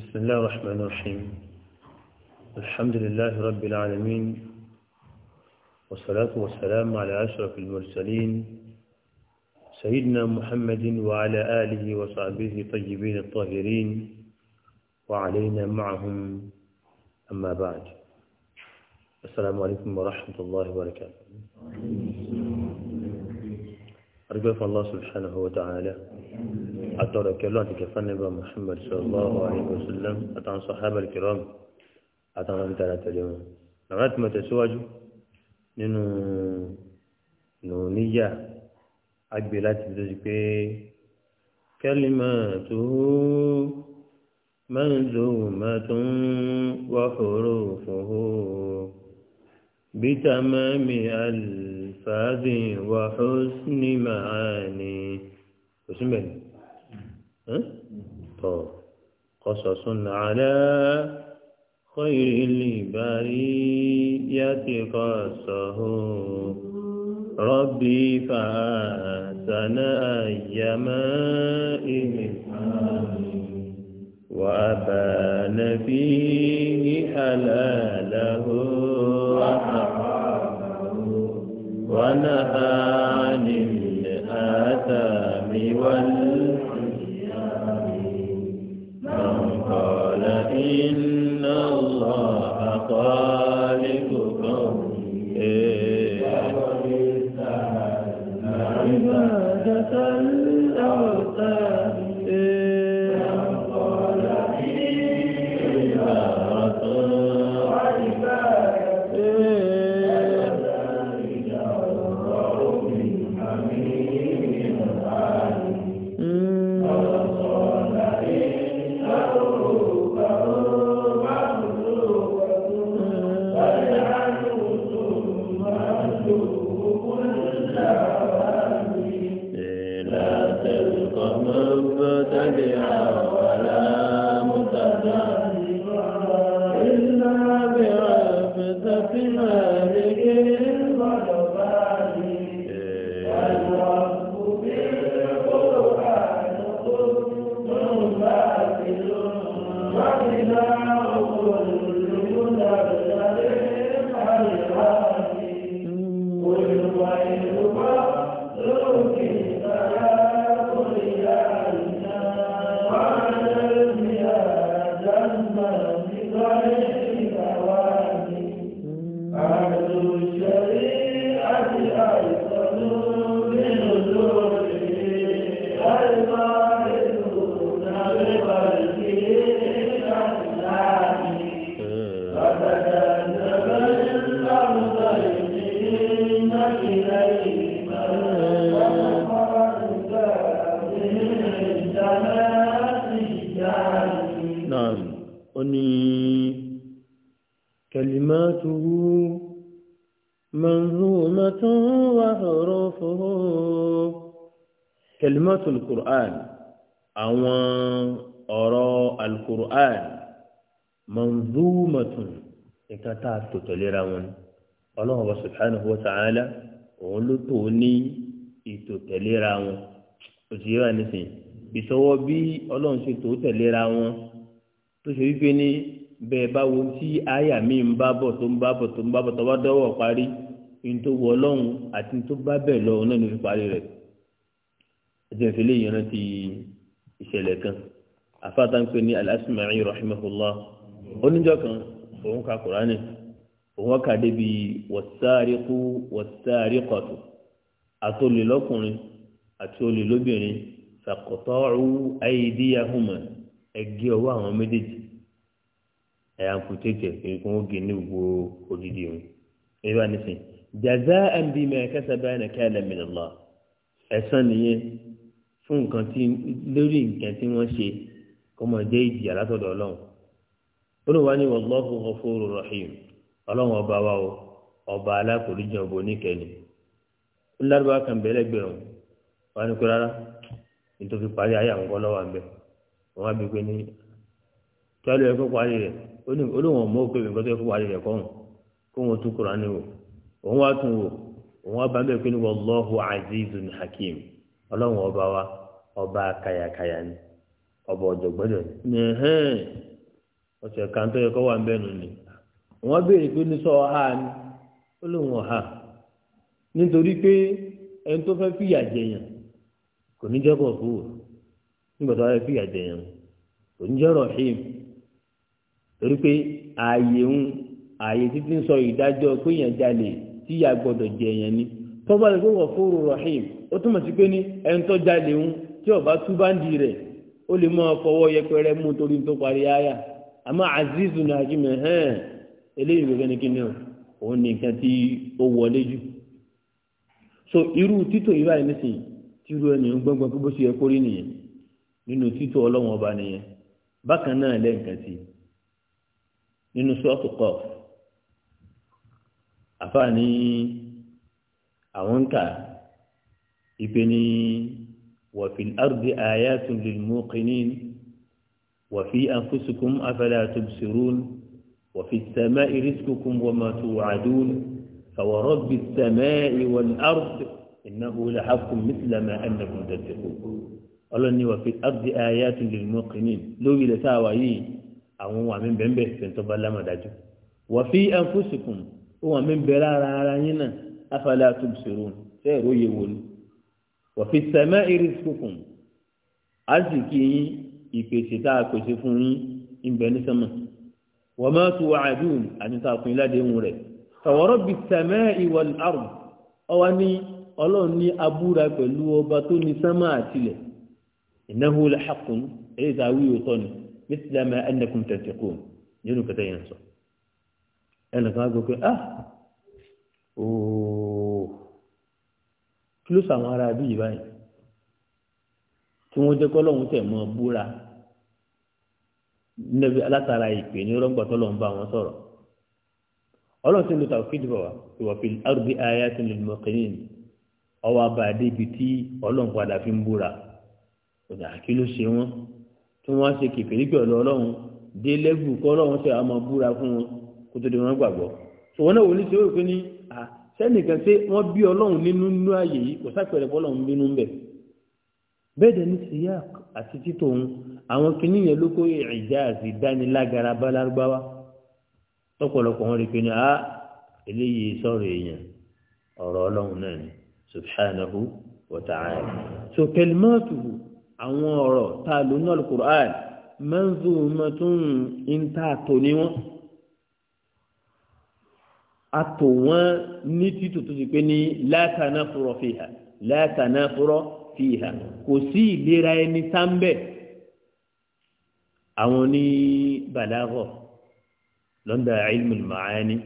بسم الله الرحمن الرحيم الحمد لله رب العالمين والصلاة والسلام على أشرف المرسلين سيدنا محمد وعلى آله وصحبه طيبين الطاهرين وعلينا معهم أما بعد السلام عليكم ورحمة الله وبركاته أرجو الله سبحانه وتعالى أترى كلون تكفن محمد صلى الله عليه وسلم أتعن صحابة الكرام أتعن أنت لا تليم نغات ما تسواج ننو نونية أقبلات بذلك كلماته منزومة وحروفه بتمام ألفاظ وحسن معاني وسمعني إيه؟ طب قصص على خير البرية قصه ربي فأحسن أيمائه وأبان فيه حلاله وحرامه ونهاه أهل الشريعة أيسرون kalimatul qur'an àwọn ọ̀rọ̀ alukur'an manzumatun nǹkan tá a tòtò lera wọn ọlọ́run ọba subhanahu wa ta'ala òun ló tó ní ìtòtẹ̀lera wọn òṣìṣẹ́ wa nísìnyí ìṣọwọ́ bí ọlọ́run ṣe tó tẹ̀lera wọn tó ṣe wípé ní bẹ́ẹ̀ bá wo tí àyà mi ń bá bọ̀ tó ń bá bọ̀ tó ń bá bọ̀ tó bá dọ́wọ́ parí ní tó wọ ọlọ́run àti ní tó bá bẹ̀ lọ òun náà fi parí rẹ̀ ẹ̀sìnfẹ́ lè yọ̀nà ti ìṣẹ̀lẹ̀ kan àfáàtà ń pè ní alásùmáyé rahimahullah oníjọ́ kan òun ka kùránì òun kà débi wọ́sáríkú wọ́sáríkọ̀tù àti olè lọ́kùnrin àti olè lóbìnrin sàkọ̀tọ́rù ayédíyàhùnmọ̀ ẹgbẹ́ ọwọ́ àwọn méjèèjì ẹ̀yà ń kùtẹ́tẹ̀ èyí kò ń gé ní gbogbo odidi wọn. ẹ bá nísìnyí jaza àǹbí mẹ́ẹ̀kẹ́sẹ̀ báyìí nà kẹ́lẹ́ mìíràn lọ ẹ̀sán nìyẹn fún nǹkan tí lórí nǹkan tí wọ́n ṣe kọ́mọ jẹ́ ìjìyà látọ̀dọ̀ ọlọ́run olùwà ni wọ́n lọ́ọ́ fún rahim ọlọ́run ọba wa o ọba alákòóríjì ọba oníkẹ́ni ńlárúbá kan ni kó rárá nítorí parí ayé àwọn ọlọ́wà ń bẹ̀ wọn á bí pé ní tọ́lú ẹ̀kọ́ parí rẹ̀ òkè ẹ̀kọ́ parí rẹ̀ kó wọn tún wò òun wá tún wò òun wá bá ọba kàyàkàyà ni ọba ọjọgbọdọ ni ẹ̀hẹ́n kan tó yẹ kó wà ń ni wọn béèrè pé ní ọha ni ó lóun ọ̀há nítorí pé ẹni tó fẹ́ fìyà jẹyàn kò ní jẹ́ fún wò nígbà tó fìyà jẹyàn kò ní jẹ́ torí pé ààyè ń ààyè títí ń sọ ìdájọ́ jalè tí ìyá gbọ́dọ̀ jẹyàn ni tí ọba tú báńdì rẹ̀ ó lè máa fọwọ́ yẹpẹrẹ mú torí tó parí àyà àmọ́ azizu náà kí mi hàn eléyìí gbẹgbẹ ní kíni o òun ní nǹkan tí ó wọlé jù so irú títò yìí báyìí nísìnyí tí irú ẹni gbọ́ngbọ́n tó bó ṣe yẹ kórè nìyẹn nínú títò ọlọ́wọ́n ọba nìyẹn bákan náà lẹ́ǹkan sí nínú sọ́ọ̀tù kọ́ àfààní àwọn ń kà ìpè ní. وفي الأرض آيات للموقنين وفي أنفسكم أفلا تبصرون وفي السماء رزقكم وما توعدون فورب السماء والأرض إنه لحق مثل ما أنكم تتقون قال وفي الأرض آيات للموقنين لو إلى ساوي أو هو من بنبه فانتبه لما داجه وفي أنفسكم هو من برارا رأينا أفلا تبصرون سيروي يقولون wọ̀fi sẹ́mẹ́ irisukun azìkì yín ìpèsè tá a pèsè fún yín ìgbẹ́ ní sẹ́mọ̀ wọ́n máa tu wàhálùm àti tá a fún yín ládéhùn rẹ̀ tọ̀wọ́rọ́ bi sẹ́mẹ́ ìwọ̀n àrùn ọwọ́ ní ọlọ́run ní abúra pẹ̀lú ọba tó ní sẹ́mọ̀ àtìlẹ̀ ìnáwó lẹ́xàkùn èyí tá a wí òótọ́ ni mísìlámà ẹnẹkùn tẹ̀síkùn nínú kẹtẹ́ yẹn sọ ẹnìkan á pé ah ooo. Plus ló sàwọn ará bí ìbáyìí tí wọ́n jẹ́ kọ́ lọ́hún tẹ̀ mọ́ búra níbi látara ìpè ní rọ́gbà tó lọ́n bá wọn sọ̀rọ̀ ọlọ́run ti lu tàwọ́kìdì bọ̀ wá ìwàfẹ́ arúgbó ayé àti lèmọ̀kìnrin ọwọ́ abàdé ibi tí ọlọ́run padà fi ń búra ọ̀dà kí ló ṣe wọ́n tí wọ́n á ṣe kìfìrí gbọ̀lọ́ ọlọ́run dé lẹ́gùn kọ́ ọlọ́run ṣe àmọ́ búra fún wọn kó di wọn gbàgbọ́ ṣùgbọ́n náà wò ní ṣe ó pé ní sẹ́nìkan ṣé wọ́n bí ọlọ́run nínú nínú ààyè yìí kò sápẹ̀rẹ̀ bọ́lọ́run bínú ń bẹ̀ bẹ́ẹ̀ dẹ̀ ní síyá àti títò òun àwọn kìíní yẹn ló kó ìjà àti ìdánilágara bá lárúbáwá lọ́pọ̀lọpọ̀ wọn rí pé ní ah eléyìí sọ̀rọ̀ èèyàn ọ̀rọ̀ ọlọ́run náà ni subhanahu wa ta'ala so kalimatuhu àwọn ọ̀rọ̀ tá a lò ní alukur'an mẹ́nzùmọ́tún ń tà tó ní wọn atò wọn ní títò tó ti pé ní látàná fúrọ fi hà látàná fúrọ fi hà kò sí ìlera ẹni sáńbẹ àwọn ní balaago lọ́ndà ilmu maani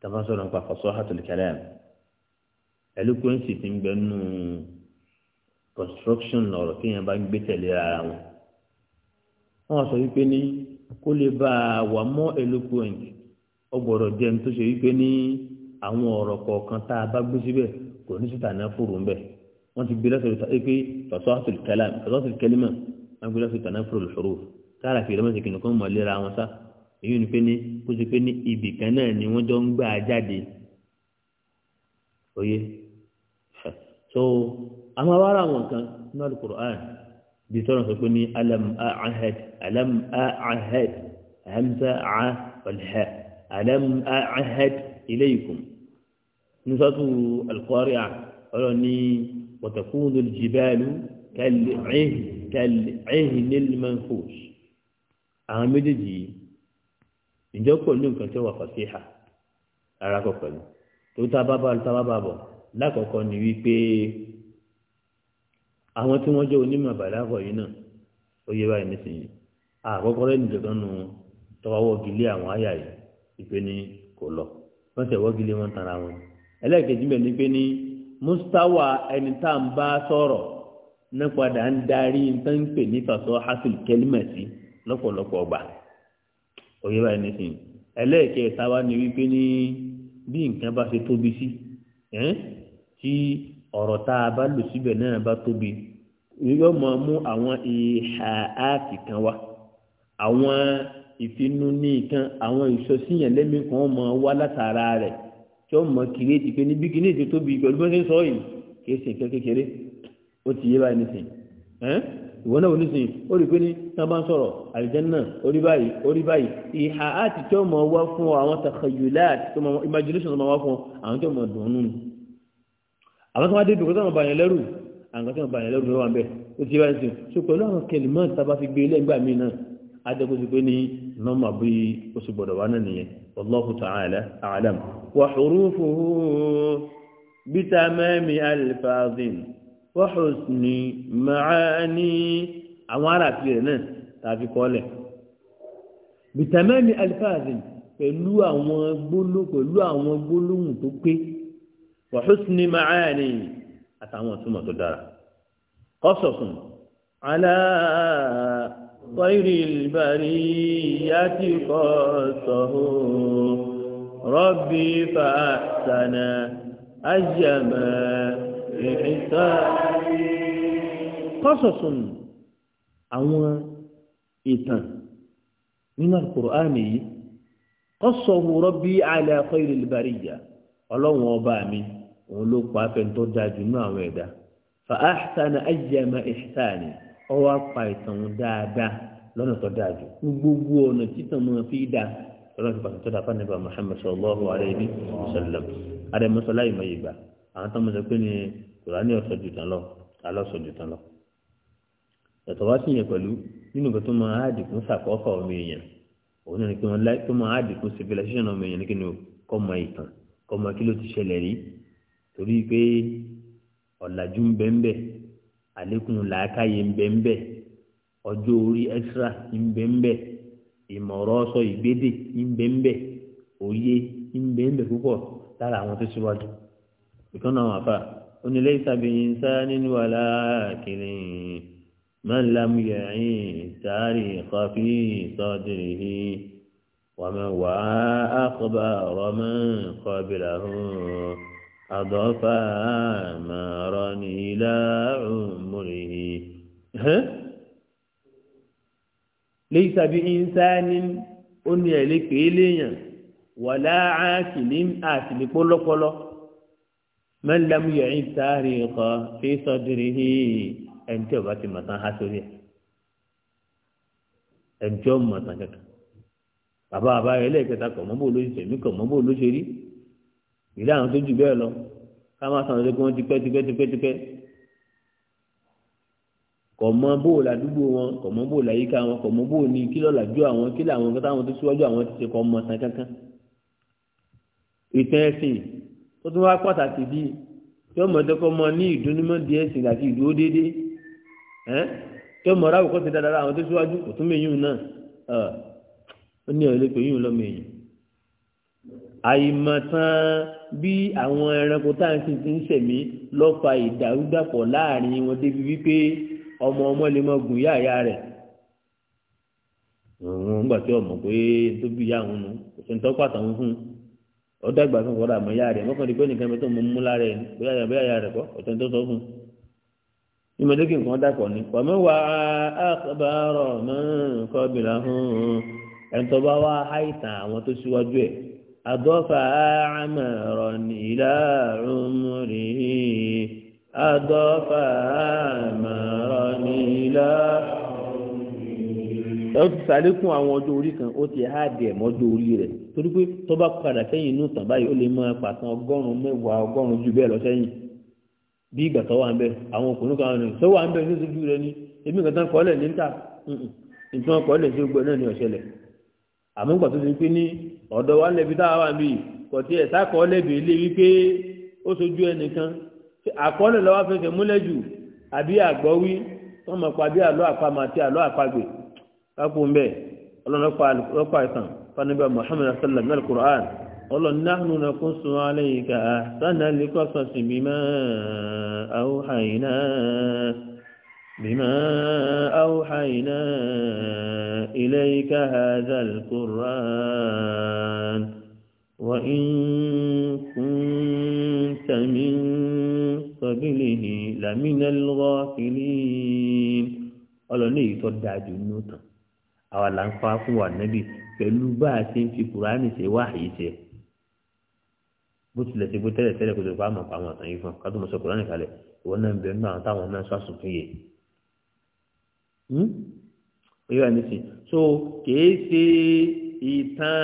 tafasọ̀rọ̀ nípa fọ̀sọ́ hàtòlùkẹ́lẹ́ ẹlẹ́kùnrin ti ń bẹ nù construction lọ̀rọ̀ tí yẹn bá ń gbé tẹ̀lé ara wọn. wọ́n sọ wípé ní kó lè bá wà mọ́ eloquent ọgbọ̀rọ̀ jẹ́ ní tó ṣe wípé ní àwọn ọ̀rọ̀ kọ̀ọ̀kan tá a bá gbé síbẹ̀ kò ní síta náà fòrò ń bẹ̀ wọ́n ti gbé lọ́sọ̀rọ̀ pé tọ̀sọ́sọ̀rọ̀ kẹlẹ́mà wọ́n gbé lọ́sọ̀rọ̀ náà fòrò lọ́sọ̀rọ̀ tára fi ìrọmọ̀sẹ̀ kìnnì kan mọ̀ léra wọn sá èyí ni pé ní kó ṣe pé ní ibì kan náà ni wọ́n jọ ń gbà jáde oyé so àwọn awárà wọn kan nínú alukoro àn bí sọ́nà sọ pé ní alam ahad alam ahad hamza ah alam ahad ilaykum nusatu alqari'a ọlọ́ni wàtàkùnú jìbẹ́ẹ̀lú kẹlẹ́ẹ̀hìn nílmẹ́fọ́s àwọn méjèèjì yìí ìjọ pẹ̀lú nǹkan tí ó wà fàṣíhà ara kọ tó tábàbà tábàbàbọ̀ lákọ̀ọ́kọ́ ni wípé àwọn tí wọ́n jẹ́ onímọ̀ àbàdàbọ̀ yìí náà ó yẹ báyìí nísìnyí àkọ́kọ́ rẹ̀ nìjọ̀kan tọwọ́ gilé àwọn àyà yìí ìpè ní kò lọ wọ́n tẹ̀ wọ́gilé wọn tara wọn ẹlẹ́ẹ̀kejì bẹ̀ ni pé ní mustawa ẹni tá à ń bá sọ̀rọ̀ náà padà ń darí tó ń pè ní tọ̀sọ́ hasil kẹlímẹ̀sì lọ́pọ̀lọpọ̀ ọgbà òye báyìí nísìn ẹlẹ́ẹ̀kẹta wa ni wípé ní bí nǹkan bá ṣe tóbi sí tí ọ̀rọ̀ tá a bá lò síbẹ̀ náà bá tóbi yóò mọ̀ mú àwọn ìhà áàtì kan wá àwọn ìfinú ní nǹkan àwọn ìsọsíyàn lẹ́mí kan mọ wá látara rẹ̀ tí ó mọ kìrìtì pé níbi kìíní ètò tóbi pẹ̀lú bẹ́ẹ̀ sọ yìí kìí ṣe nǹkan kékeré ó ti yé báyìí nísìnyí ìwọ náà onísìnyí ó rí i pé ní tán bá ń sọ̀rọ̀ àlìjẹ́nà orí báyìí orí báyìí ìhà àti tí ó mọ wá fún ọ àwọn takayùlá àti tó mọ imagination tó mọ wá fún ọ àwọn tó mọ dùnú àwọn tó wá débi kó tó mọ bàyàn lẹ́rù àwọn tó mọ bàyàn lẹ́rù ló wà ń bẹ̀ ó ti yé báyìí nísìnyí so pẹ̀lú àwọn kẹlìmọ́ọ̀tì tá a bá fi gbé ilé ẹgbàá mi náà ajẹ́kùsí pé ní nọ́mà bí ó sì gbọ́dọ̀ wá náà nìyẹn ọlọ́hu tààlà àlàm wàhùrúfù bítámẹ́mì alifazin wàhùsùnì màání àwọn aráàfin rẹ̀ náà tàbí kọ́lẹ̀ bítámẹ́mì alifazin pẹ̀lú àwọn gbóló pẹ̀lú àwọn gbólóhùn tó pé wàhùsùnì màání àtàwọn ìtumọ̀ tó dára kọ́sọ̀sùn alá. غير البرية قصه ربي فأحسن الجمال بحسابي قصص àwọn ìtàn nínú alukur'ani yìí kọ́sọ̀mù rọ́bí alẹ́ akọ́ ìrìlbàríyà ọlọ́run ọba mi òun ló pa afẹ́ntọ́ dájú nínú àwọn ẹ̀dá fa áṣítánà ajíyàmá ìṣítánì ọwọ́ apá ìtàn dáadáa lọ́nà tó dáa jù gbogbo ọ̀nà títàn mọ́ fi dá lọ́nà tó pàtàkì tó dáa fún ẹ̀bà muhammed sallallahu alayhi wa sallam adẹ́mọ́sọ́lá ìmọ̀ ìgbà àwọn tó ń sọ pé ní kùránì ọ̀sọ̀ jù tán lọ alọ́sọ̀ jù tán lọ. ẹ̀tọ́ wá sí yẹn pẹ̀lú nínú nǹkan tó máa àdìkún sàkọ́kọ́ ọmọ èèyàn òun náà ni pé wọ́n tó máa àdìkún civilization ọmọ èèyàn ní kí ni kọ́ àlékún làákàyè ńbẹ́ńbẹ́ ọjọ́ orí ẹ́sírà ńbẹ́ńbẹ́ ìmọ̀ọ́rọ́ sọ ìgbédè ńbẹ́ńbẹ́ òye ńbẹ́ńbẹ́ púpọ̀ lára àwọn tó síwájú ìkànnà àwọn àfà onílé ìsàbẹ̀yìn sáà nínú wàhálà kiri من لم يعيش تاريخ في صدره ومن وعى أخبار من قبله àdọ́fà àmàrọ̀ ní ilá òmùrè léyìí tàbí ìnsáni ó ní ẹ̀lẹ́ pèé léèyàn wàlá àkìlí àtìlípó lọ́pọlọ mẹ́lẹ́mú yẹ̀yìn sáré kọ́ fi sọ́dúnrún hìí ẹni tí ọba ti mọ̀tàn há sórí ẹ̀ ẹni tí ó mọ̀tàn kankan bàbá bàbá rẹ̀ lẹ́ẹ̀kẹta kọ̀ mọ́bò ló ṣe mí kọ̀ mọ́bò ló ṣe rí ìrí àwọn tó jù bẹ́ẹ̀ lọ ká má sàn lóko wọn tipẹ́ tipẹ́ tipẹ́ tipẹ́ kọ̀ mọ́ bóò ládùúgbò wọn kọ̀ mọ́ bóò láyíká wọn kọ̀ mọ́ bóò ní kí lọ́la ju àwọn kí làwọn kí táwọn tó síwájú àwọn ti ṣe kọ́ mọ́ san kankan. ìtàn ẹ̀sìn tó tún wá pàtàkì bí tí ọmọ ẹ̀dọ́kọ́ mọ ní ìdúnnímọ̀ di ẹ̀sìn àti ìdúró déédéé ẹ́ tí ọmọ ọ̀rá òkọ́ ti dáadáa àwọn tó síwájú òtún mẹ́yìn náà ó ní ọ̀rẹ́ pé yín lọ́mọ èèyàn àìmọ̀tán bí àwọn ẹranko tá à ń sìn ti ń sẹ̀mí lọ́ fa ìdàrúdàpọ̀ láàrin wọn débi wípé ọmọ ọmọ lè mọ gùn yá àyà rẹ̀ òun gbà tí ọmọ pé tó bí yá òun nù kò sí ní tọ́ pàtàkùn fún un ọdọ àgbà fún ọdọ àmọ ya rẹ mọkàn dípẹ nìkan mi tó mọ mú lára ẹ bóyá ya bóyá ya rẹ kọ ọtọ tó sọ fún un ìmọ̀ lókè nǹkan dàpọ̀ ni pàmò wà á àbárọ̀ mọ́ nǹkan bìlà hàn án ẹ̀ńtọ́ bá wá àìsàn àwọn tó síwájú ẹ̀ àdọ́fà àmọ̀rọ̀ ìlà ọmọrì àdọ́fà àmọ̀rọ̀ ìlà ẹ ó ti sàlékún àwọn ọjọ́ orí kan ó ti háàdì ẹ̀ mọ́jọ́ orí rẹ̀ torí pé tó bá padà sẹ́yìn inú tàn báyìí ó lè máa pàtàn ọgọ́rùn-ún mẹ́wàá ọgọ́rùn-ún jù bẹ́ẹ̀ lọ sẹ́yìn bí ìgbà tó wà ń bẹ àwọn ọkùnrin kan ní tó wà ń bẹ ní oṣù rẹ ni èmi nǹkan tán kọ́ àmúgbà tó ti pé ní ọ̀dọ̀ wa lẹ́bi tá a wà mí kò tí ẹ̀ sákọ̀ọ́ lẹ́bi ilé wípé ó sojú ẹnìkan àkọọ́lẹ̀ lọ́wọ́ fẹsẹ̀ múlẹ̀ jù àbí àgbọ̀wí wọ́n mọ̀ pa bí àlọ́ àpamọ́ àti àlọ́ àpagbè kápò ń bẹ̀ ọlọ́nàpá ìtàn fanibà muhammed sallam náà kùrán ọlọ́nàánú na kún sun alẹ́ yìí ká sánà lè kọ́ sọ̀sìn mímọ́ àwòhàn yìí بما أوحينا إليك هذا القرآن وإن كنت من قبله لمن الغافلين ọlọ́lé yìí tọ́ da jù nínú tán fún wa nẹ́bí pẹ̀lú bá a ṣe ń fi kùránì ṣe wá àyè ṣe bó tilẹ̀ ṣe bó tẹ́lẹ̀ tẹ́lẹ̀ kó tó fà á mọ̀ pa àwọn àtàn yìí fún ká tó mọ̀ sọ kùránì kalẹ̀ ìwọ náà ń bẹ nínú àwọn táwọn náà sọ àsùnfin yìí. ìrẹ́ hmm? nìsín so kee ṣe ìtàn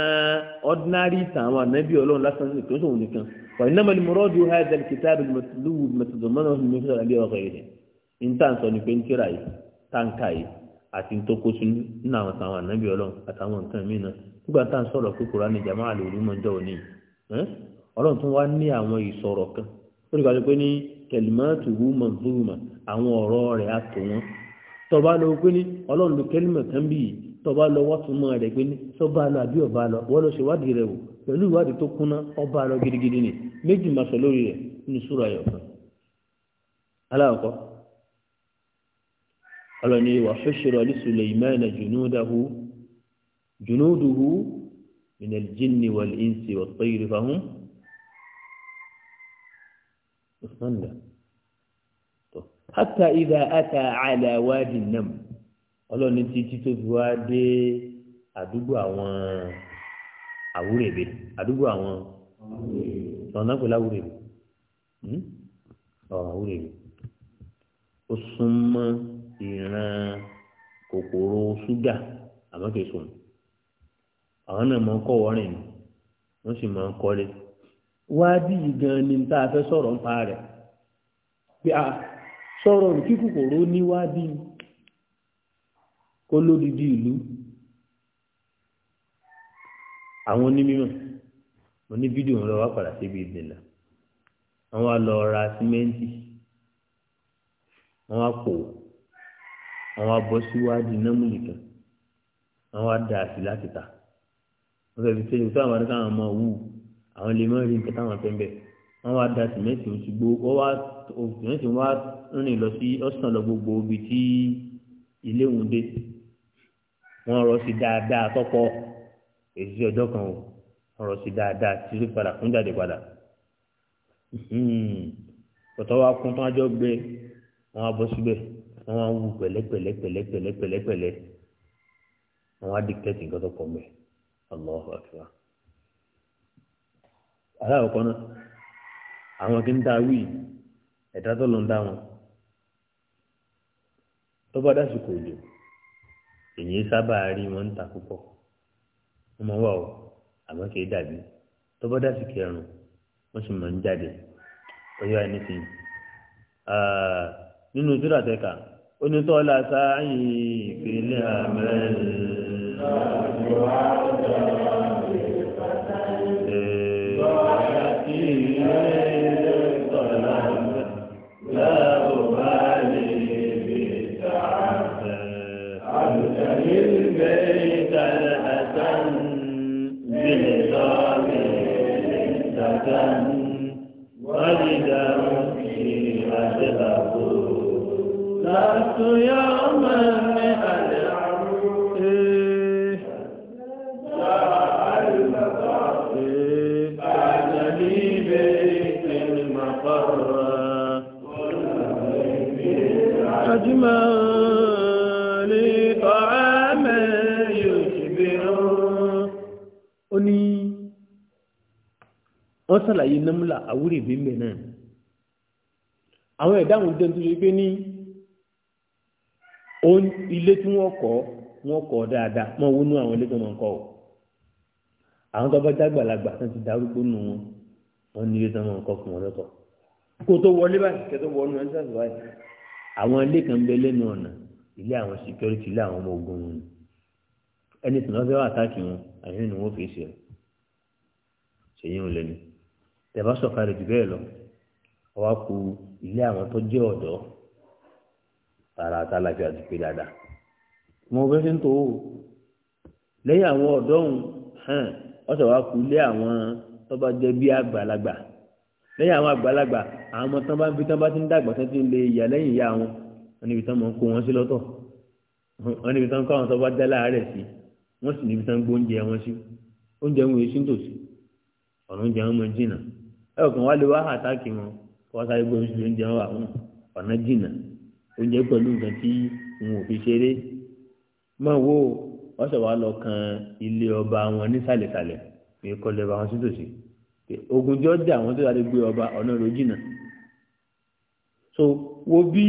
ordinary ìtàn àwọn ànábì ọlọ́run lásán ní ìpínlẹ̀ òun nìkan ọ̀nàmọ̀ ni mọ̀rọ́dù hajj kìtàbí lùwù mẹtọ̀dọ̀mọ́nà mẹtọ̀dọ̀ àbí ọ̀gọ̀ ìrẹ̀ ìtànsọ ni pé ń kíra yìí táǹkà yìí àti tó kó àwọn àtàwọn ànábì ọlọ́run àtàwọn nǹkan náà nígbà tá à ń sọ̀rọ̀ pé tọba lọ pé ní ọlọ́run ló kẹ́lìmọ̀ kan bí yìí tọba lọ wọ́n tún mọ́ rẹ̀ pé ní sọba lọ àbí ọba lọ wọ́n lọ ṣe wádìí rẹ̀ wò pẹ̀lú ìwádìí tó kúnná ọba lọ gidigidi ni méjì máa sọ lórí rẹ̀ ní sùúrù ayọ̀ kan. ọlọ́ni wà fẹ́ṣẹ̀rọ alísùlẹ̀ ìmáìnà jùnúdùhù ìnàlìjìnnì wàlíǹsì wàtọ́ ìrìfàhún hata ìdá ata àlàwádì nam ọlọ́ni títí tó fi wá dé àdúgbò àwọn àwúrẹ̀bẹ̀ àdúgbò àwọn ọ̀nà pẹ̀lú àwúrẹ̀bẹ̀ ọ̀rọ̀ àwúrẹ̀bẹ̀ ó súnmọ́ ìran kòkòrò ṣúgà àmọ́ kìí sùn àwọn náà máa ń kọ́ wọ́rìn ni wọ́n sì máa ń kọ́lé wádìí gan ni tá a fẹ́ sọ̀rọ̀ ń pa rẹ̀ pé a. Ah, sọ̀rọ̀ kí kòkòrò níwá bí kó lódìdí ìlú àwọn onímọ̀ oní fídíò ń lọ wá padà síbi ìdènà wọn wá lọ ra símẹ́ǹtì wọn wá pò wọn wá bọ́ síwájú námúlì kan wọn wá da àsì láti ta wọn fẹ́ẹ́ fi ṣe ìwé táwọn adé káwọn máa wù àwọn lè má rí nǹkan táwọn fẹ́ wọ́n wá da sìmẹ́ǹtì òṣùgbó wọ́n wá sìmẹ́ǹtì wọ́n wá rìn lọ sí ọ̀sán lọ gbogbo ibi tí ilé òun dé wọ́n rọ sí dáadáa tọ́pọ̀ èsì ọjọ́ kan o wọ́n rọ sí dáadáa tí ó padà fún jáde padà hmm. tọ́tọ́ wa kún tán ajọ́ gbé wọ́n á bọ́ síbẹ̀ wọ́n á wù pẹ̀lẹ́pẹ̀lẹ́pẹ̀lẹ́pẹ̀lẹ́pẹ̀lẹ́ wọ́n á dìkẹ́tì nǹkan tó pọ̀ mẹ́ ọlọ́ọ̀ọ́ àkàrà aláwọ̀ kan náà àwọn kí ń dá wí ẹ̀dá tó ló ń dá wọn tó bá dásìkò òjò èyí sábà rí wọn ń ta púpọ̀ wọn máa wà ó àmọ́ kì í dàbí tó bá dásìkò ẹ̀rùn wọ́n sì máa ń jáde ọyọ́ ẹni sí i ah, nínú ìtura tẹ́ka onítọ́lá sáàyè ìpínlẹ̀ amẹ́rin. Thank eh, wọ́n sàlàyé námúlà àwúrèbé mẹ́ náà àwọn ẹ̀dáhùn jẹ́ tó ṣe pé ní ilé tí wọ́n kọ́ wọ́n kọ́ dáadáa mọ́ owó nú àwọn ilé tó máa ń o àwọn tó bá dágbàlagbà tó ti darúgbó nù wọn wọn ní ilé tó máa ń kọ́ fún wọn lọ́tọ̀ kó tó wọlé báyìí kẹ́tọ́ wọnú ẹ̀ ń sàṣọ báyìí àwọn ilé kan bẹ lẹ́nu ọ̀nà ilé àwọn security ilé àwọn ọmọ ogun wọn ẹni tí wọ́n fẹ́ wà táàkì wọn àyẹ̀wò ni wọ́n fi ṣe ṣèyí ń lẹ́nu tẹ̀bá jù bẹ́ẹ̀ lọ ọwọ́ ku ilé àwọn tó jẹ́ ọ̀dọ́ tààrà àtàlàfíà ti pé dáadáa mo fẹ́ fi ń tó o lẹ́yìn àwọn ọ̀dọ́ òun hàn ọ̀sẹ̀ wa kú lé àwọn tọ́ba jẹ́ bí àgbàlagbà lẹ́yìn àwọn àgbàlagbà àwọn ọmọ tán bá ń fi tán bá ti ń dàgbà tán ti ń lè yà lẹ́yìn ìyá wọn wọn níbi tán mọ̀ ń kó wọn sí lọ́tọ̀ wọn níbi tán kó àwọn tọ́ba dá láàárẹ̀ sí wọn sì níbi tán gbó oúnjẹ wọn sí oúnjẹ wọn yìí sí tòsí ọ̀nà oúnjẹ wọn mọ jìnnà ẹ̀ ọ̀kan wá lè wá àtàkì wọn kó oúnjẹ pẹ̀lú nǹkan tí wọn ò fi ṣeré mọ̀ wo ọ̀sẹ̀ wa lọ kan ilé ọba wọn nísàlẹ̀sàlẹ̀ ní kọlẹ̀ ọba wọn sí tòsí dé àwọn tó yàrá gbé ọba ọ̀nà ló so wo bí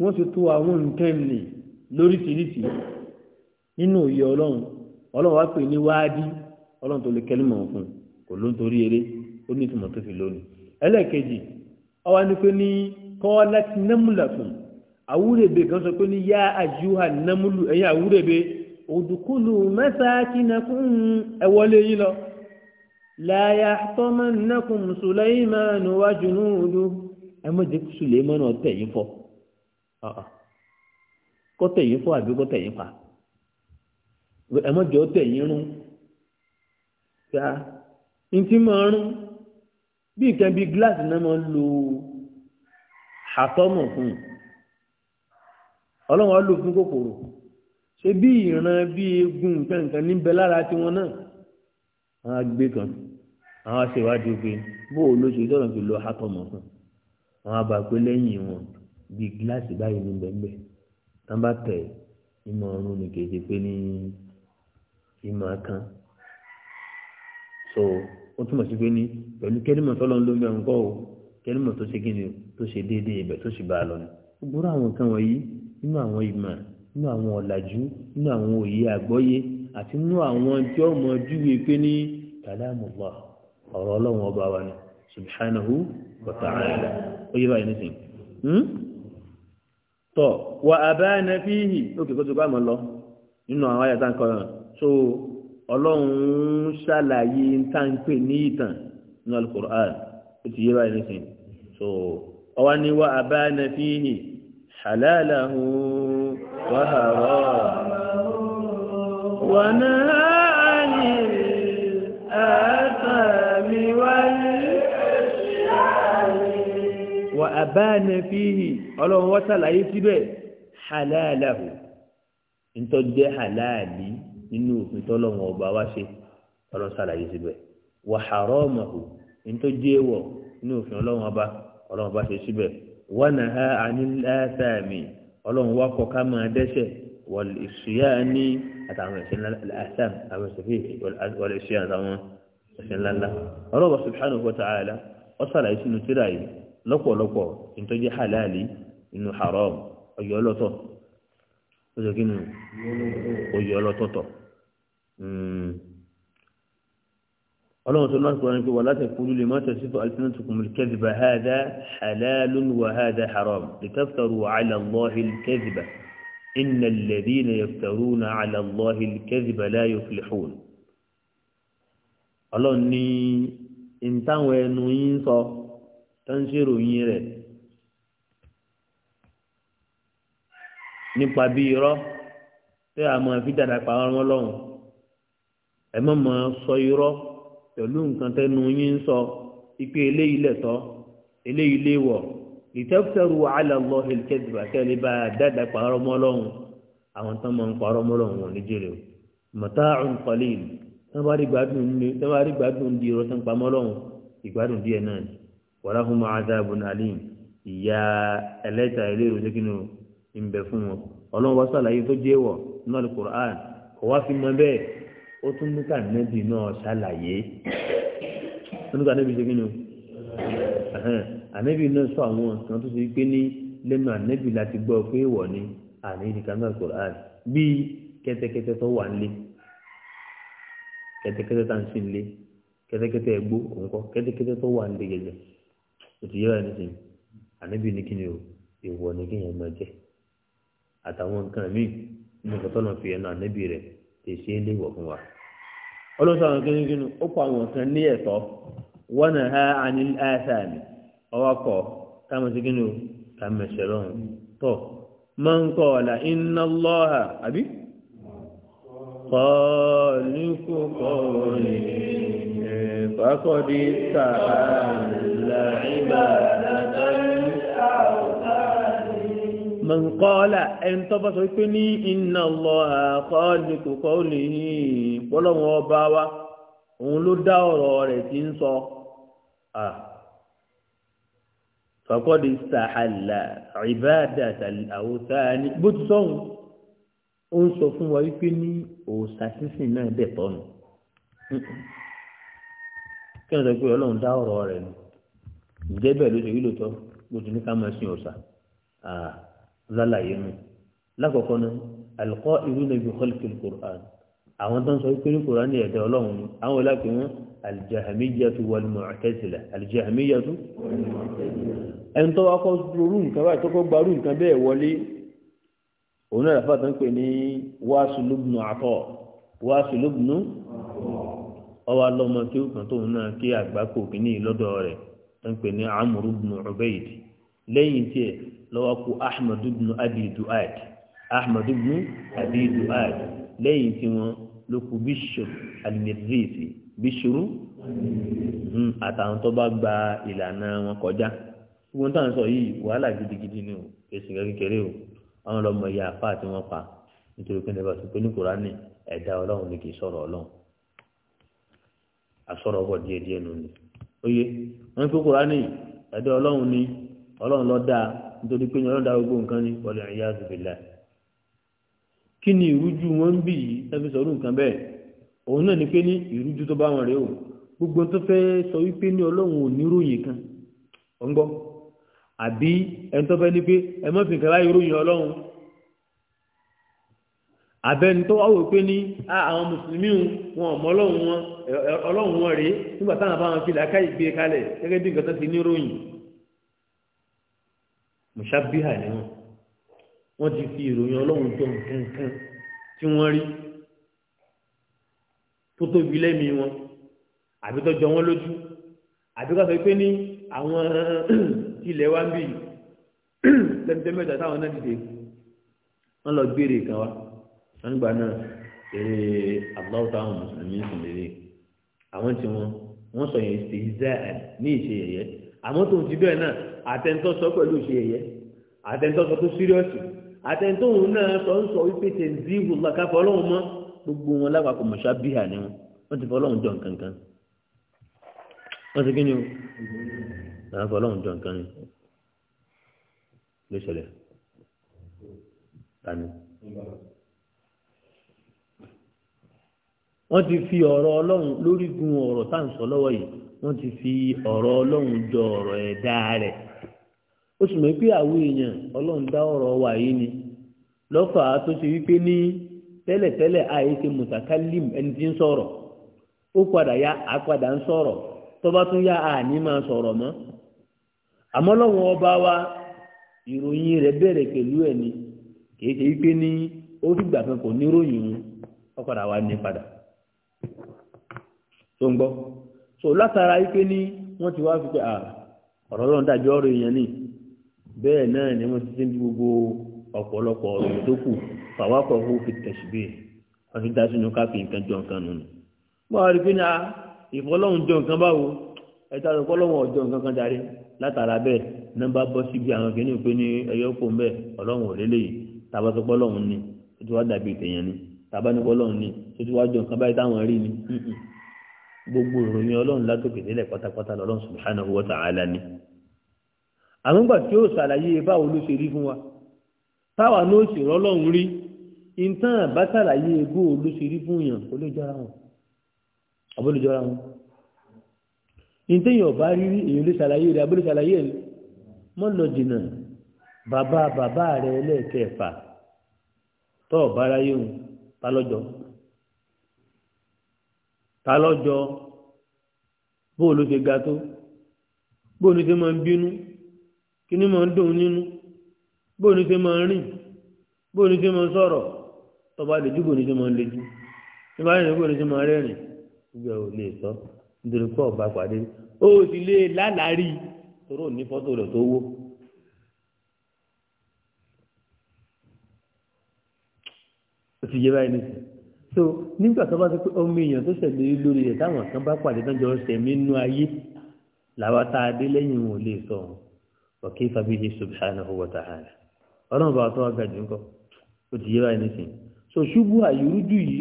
wọ́n ti tó àwọn nǹkan nì lóríṣiríṣi nínú òye ọlọ́run ọlọ́run wá pè ní wáádí ọlọ́run tó lè kẹ́límọ̀ fún kò ló ń torí eré ó ní ìtumọ̀ tó fi lónìí ẹlẹ́ẹ̀kejì ọwọ́ ni pé ní kọ́ láti námúlà fún un àwúrẹ̀bẹ̀ kan sọ pé ní yá àjúhà námúlù ẹ̀yìn àwúrẹ̀bẹ̀ òdùkúlù mẹ́sàákínàkún ẹ̀wọlé yìí lọ láyà tọ́mọ́nàkùn sùlẹ́ìmánu wájú núùdù ẹmọ́jẹ́ sùlẹ́ìmánu ọ̀tẹ̀yìn fọ́ kọ́tẹ̀yìn fọ́ àbí kọ́tẹ̀yìn pa ẹmọ́jẹ́ ọ̀tẹ̀yìn rún ṣá ntí máa rún bí nǹkan bíi gíláàsì náà máa ń lo àtọ́mọ̀ fún ọlọ́run á lò fún kòkòrò ṣé bí ìran bí egun nǹkan níbẹ̀ lára tiwọn náà àwọn agbé kan àwọn aṣèwádìí pé bó o ló ṣe sọ̀rọ̀ fi lọ akọ̀mọ̀ kan àwọn abàgbé lẹ́yìn wọn bí gíláàsì báyìí ní bẹ́ẹ̀ tán bá tẹ̀ ìmọ̀ ọ̀run ni kì í ṣe pé ní ìmọ̀ kan so ó túmọ̀ sí pé ní pẹ̀lú kẹ́rìmọ̀ tọ́lọ́ ń lómi ọ̀hún kọ́ o kẹ́rìmọ̀ tó ṣe kí ni tó ṣe déédéé ibẹ̀ tó ṣe bá a lọ ni gbogbo àwọn nǹkan wọ̀nyí nínú àwọn ìmọ̀ nínú àwọn ọ̀làjú nínú àwọn òye àgbọ́yé àti nínú àwọn tí ọmọ júwe pé ní kàlámùbà ọ̀rọ̀ ọlọ́run ọba wa ni subhanahu wa ta'ala ó yé báyìí nísìnyí. Hmm? tọ́ wà àbáyánà fíhì ókè kó tó bá mọ̀ lọ nínú àwọn àyàtà ń kọ́ yàn so ọlọ́run ṣàlàyé táǹpẹ̀ ní ìtàn nínú alukur'an ó ti yé báyìí nísìnyí so ọwọ́ ni wà àbáyánà fíhì. حلاله وحرامه ونهى عن الآثام والأشياء وأبان فيه الله وصل أيتبه حلاله انت جه حلالي nínú òfin tọ́lọ́wọ́n ọba wá ṣe ọlọ́run ṣàlàyé síbẹ̀ wàhálà ọmọ ò ní tó jẹ́ wọ̀ nínú òfin ọlọ́run ọba ọlọ́run ọba ṣe síbẹ̀ wọnà ha àníláàtàmì ọlọ́run wá kọ ká máa dẹ́sẹ̀ wọlé ìṣúyà ní àtàwọn ẹ̀ṣẹ̀ láàtàmì àwọn ẹ̀ṣẹ̀ fèèfèé wọlé ìṣúyà àtàwọn ẹ̀ṣẹ̀ ńláńlá ọlọ́wọ́ subhanahu wa ta'ala ọ sàlàyé sínú tíra yìí lọ́pọ̀lọpọ̀ ìtọ́jú halali inú haram ọyọ ọlọ́tọ̀ ọjọ́ kí ni ọyọ ọlọ́tọ̀tọ̀ hmm. الله تعالى يقول لك ولا تقولوا لما تصف ألسنتكم الكذب هذا حلال وهذا حرام لتفتروا على الله الكذب إن الذين يفترون على الله الكذب لا يفلحون الله إني إن تنوي نوينصا تنشر ينيره ni pa bi iro te a mo fi dada pa ọrọ pẹ̀lú nǹkan tẹnu yín ń sọ ipe eléyìí lẹ̀tọ́ eléyìí léwọ̀ ìtẹ́kùtẹ́rù alàlọ́ ìkẹ́dùbà kẹ́lẹ́ bá dáadáa pàrọ̀ mọ́ lọ́hùn àwọn tán máa ń pàrọ̀ mọ́ lọ́hùn wọn níjẹ́ rẹ̀ mọ̀tá òǹkọ̀lì tán bá rí gbádùn di irọ́ tán pamọ́ lọ́hùn ìgbádùn díẹ̀ náà ni wàrà fún máa dá ìyá ẹlẹ́ta ẹlẹ́rù lẹ́kìnnú ìbẹ̀ fún wọn ọlọ́run wá sàlàyé tó jẹ́wọ̀ náà lè kùrọ̀ ó tún ní kànẹ́bì náà ṣàlàyé ó ní kànẹ́bì ṣe kí ni o ànẹ́bì náà sọ àwọn nǹkan tó ṣe pé ní lẹ́nu ànẹ́bì láti gbọ́ pé ìwọ̀ ni àní ìdìkanú àkùrán bíi kẹ́tẹ́kẹ́tẹ́ tó wà nílé kẹ́tẹ́kẹ́tẹ́ tá à ń sìn lé kẹ́tẹ́kẹ́tẹ́ ẹgbó òun kọ́ kẹ́tẹ́kẹ́tẹ́ tó wà nílé gẹ́gẹ́ òtù yẹ́ wáyé nísìnyí ànẹ́bì ní kí ni o ìwọ̀ ni kí yẹn máa jẹ́ àtàwọn nǹkan míì nínú kọ́tọ́nà fi ẹnu ànẹ́bì rẹ̀ èsì eléwọ̀ fún wa olóòtú àwọn ó kọ àwọn kan ní ẹ̀tọ́ wọ́n ha àní àṣàmì ọwọ́ kọ káwọn ti lọ́hùn tọ́ máa ń kọ́ ọ̀la iná mọ̀nkọ́lá ẹni tó bá sọ pé ní iná lọ àkọọ́lẹ̀ kòkó lè ní ìpọ́lọ́wọ́n ọba wa òun ló dá ọ̀rọ̀ rẹ̀ tí ń sọ fàkọ́dé sàhàlà ìbáàdà àwòtáni bó ti sọ́hun ó ń sọ fún wa wípé ní òòsà sísìn náà dẹ̀ tọ́nu kí wọ́n sọ pé ọlọ́run dá ọ̀rọ̀ rẹ̀ nù ǹjẹ́ ló ṣe wí lóòótọ́ bó ti ní ká máa sin òòsà. Ah lálàyé mu lákọ̀ọ́kọ́ ni àlùkọ́ ìlú nàbí hólkìlì kùrán àwọn tó ń sọ wípé ní kùrán ní ẹ̀dẹ̀ ọlọ́run ni àwọn ìlàkè wọn alìjàhámíyàtú wà lùmọ̀ àtẹ́sílẹ̀ alìjàhámíyàtú ẹni tó wá kọ́ rú nǹkan báyìí tó kọ́ gba nǹkan bẹ́ẹ̀ wọlé òun náà làfà tó ń ní wàásùlùbùnú àtọ̀ wàásùlùbùnú ọwọ́ alọ́mọ kí ó kàn tóun náà kí àgbákò kìíní lọ́dọ̀ rẹ̀ tó ń pè ní amúrúbùnú ọ̀bẹ́yìdì lẹ́yìn tiẹ̀ lọ́wọ́ kú ahmed ibn abi duad ahmed ibn abi duad lẹ́yìn tí wọ́n ló kú bishop alimedrisi bishuru hmm, àtàwọn tó bá gba ìlànà wọn kọjá wọn tàn sọ yìí wàhálà gidigidi ni o èsì kékeré o àwọn ọmọ ìyá apá àti wọn pa nítorí pé nípa sọpé ní kúránì ẹ̀dá ọlọ́run ni kì í sọ̀rọ̀ ọlọ́run àsọ̀rọ̀ ọ̀bọ̀ díẹ̀díẹ̀ nù ni ó wọn pé kúránì ẹ̀dá ọlọ́run ni ọlọ́run lọ dáa nítorí pé ọlọ́run dá gbogbo nǹkan ní ọlọ́run ẹ̀yà àzùbìlà kí ni ìrújú wọn ń bì yìí ẹbí sọ̀rọ̀ nǹkan bẹ́ẹ̀ òun náà ni pé ní ìrújú tó bá wọn rèé o gbogbo tó fẹ́ sọ wípé ní ọlọ́run ò ní ròyìn kan ọ̀ngbọ́n àbí ẹni tó fẹ́ ní pé ẹ mọ́ fi nǹkan láyé ròyìn ọlọ́run àbẹ́ni tó wáwò pé ní àwọn mùsùlùmí wọn ọ̀mọ́ ọlọ́run wọn rèé nígbà táwọn bá wọn fi làákàyè gbé e kalẹ̀ gẹ́gẹ́ bí nǹkan tó ti ní ròyìn mùsàbíhà ni wọn wọn ti fi ìròyìn ọlọ́run jọ nǹkan kan tí wọ́n rí tó tóbi lẹ́mìí wọn àbí tó jọ wọn lójú àbí ká sọ pé ní àwọn ilẹ̀ wa ń bì tẹ́mítẹ́ mẹ́ta táwọn náà dìde wọ́n lọ gbére kan wa wọ́n gbà náà eré àbúláwò táwọn mùsùlùmí ń sùn lérè àwọn tí wọn wọ́n sọ yẹn ṣe ìzá ní ìṣe yẹyẹ àmọ́ tó ti bẹ́ẹ̀ náà àtẹ̀ntọ́ sọ pẹ̀lú ìṣe ẹ̀yẹ àtẹ̀ntọ́ sọ tó síríọ̀sì àtẹ̀ntọ́ òun náà sọ ń sọ wípé tẹ̀sí ìwòlá káfọ́ ọlọ́run mọ́ gbogbo wọn lápapọ̀ mọ̀ṣá bíhà ni wọn wọ́n ti fọ́ ọlọ́run jọ nǹkan kan wọ́n ti kí ni o àwọn fọ́ ọlọ́run jọ nǹkan ni ló ṣẹlẹ̀ tani wọ́n ti fi ọ̀rọ̀ ọlọ́run lórí gun ọ̀rọ̀ tá à ń sọ lọ́wọ́ yìí wọ́n ti fi ọ̀rọ̀ ọlọ́run jọ ọ̀rọ̀ ẹ̀dá rẹ̀ ó sì mọ̀ pé àwọn èèyàn ọlọ́run dá ọ̀rọ̀ wà yìí ni lọ́fà tó ṣe wípé ní tẹ́lẹ̀tẹ́lẹ̀ àìṣe mùtàkálìm ẹni tí ń sọ̀rọ̀ ó padà ya àpadà ń sọ̀rọ̀ tọ́ba tún ya àní máa sọ̀rọ̀ mọ́ àmọ́ lọ́wọ́n ọba wa ìròyìn rẹ̀ bẹ̀rẹ̀ pẹ̀lú ẹ̀ ni kìí ṣe wípé ní ó sì gbà kan kò níròyìn ó padà wá ní padà tó ń gbọ́ so látara wípé ní wọ́n ti wá fi pé ọ̀rọ̀ ọlọ́run ọ̀rọ̀ èèyàn bẹ́ẹ̀ náà ni wọ́n ti ṣe ń di gbogbo ọ̀pọ̀lọpọ̀ ọ̀rọ̀ tó kù fàwákọ̀ hó fi tẹ̀síbẹ̀ wọ́n ti dá sínú ká fi nǹkan jọ nǹkan nù. wọ́n á rí pé ní a ìfọlọ́hún jọ nǹkan báwo ẹ̀ta ìfọlọ́hún ọ̀jọ̀ nǹkan kan darí látara bẹ́ẹ̀ nọ́mbà bọ́ síbi àwọn kìnìún pé ní ẹ̀yọ́ ń bẹ́ẹ̀ ọlọ́run ò ni ó ti wá dàbí ìtẹ̀yàn ni tabanipọ́ lọ́hún ni ó ti wá àwọn gbà tí ó ṣàlàyé báwo ló ṣe rí fún wa táwa náà sì rọ́lọ́run rí ìtàn bá ṣàlàyé bó ló ṣe rí fún yàn olójọra wọn abólójọra wọn ìtẹ̀yìn ọ̀bá rírí èyí ló ṣàlàyé rẹ̀ abóló ṣàlàyé rẹ̀ mọ́ lọ dìnnà bàbá bàbá rẹ̀ lẹ́ẹ̀kẹfà tọ́ ọ̀bá aráyé òun ta lọ́jọ́ bó ló ga tó bó ló máa ń bínú. kíní máa ń dùn nínú bó ní ṣe máa ń rìn bó ní ṣe máa ń sọ̀rọ̀ tọba ní ṣe máa ń ní ṣe máa rẹ́rìn ò lè sọ nítorí pé ọba pàdé ó sì ní fọ́tò rẹ̀ tó wó. báyìí so nígbà tó bá ti pé ọmọ èèyàn tó ṣẹlẹ̀ lórí rẹ̀ táwọn kan bá pàdé tán jọ ṣẹ̀mí ayé làwọn tá وكيف به سبحانه وتعالى ọlọ́run bá tọ́ àgbàjù ńkọ ó ti yé báyìí nísìnyí so ṣubú àìrújú yìí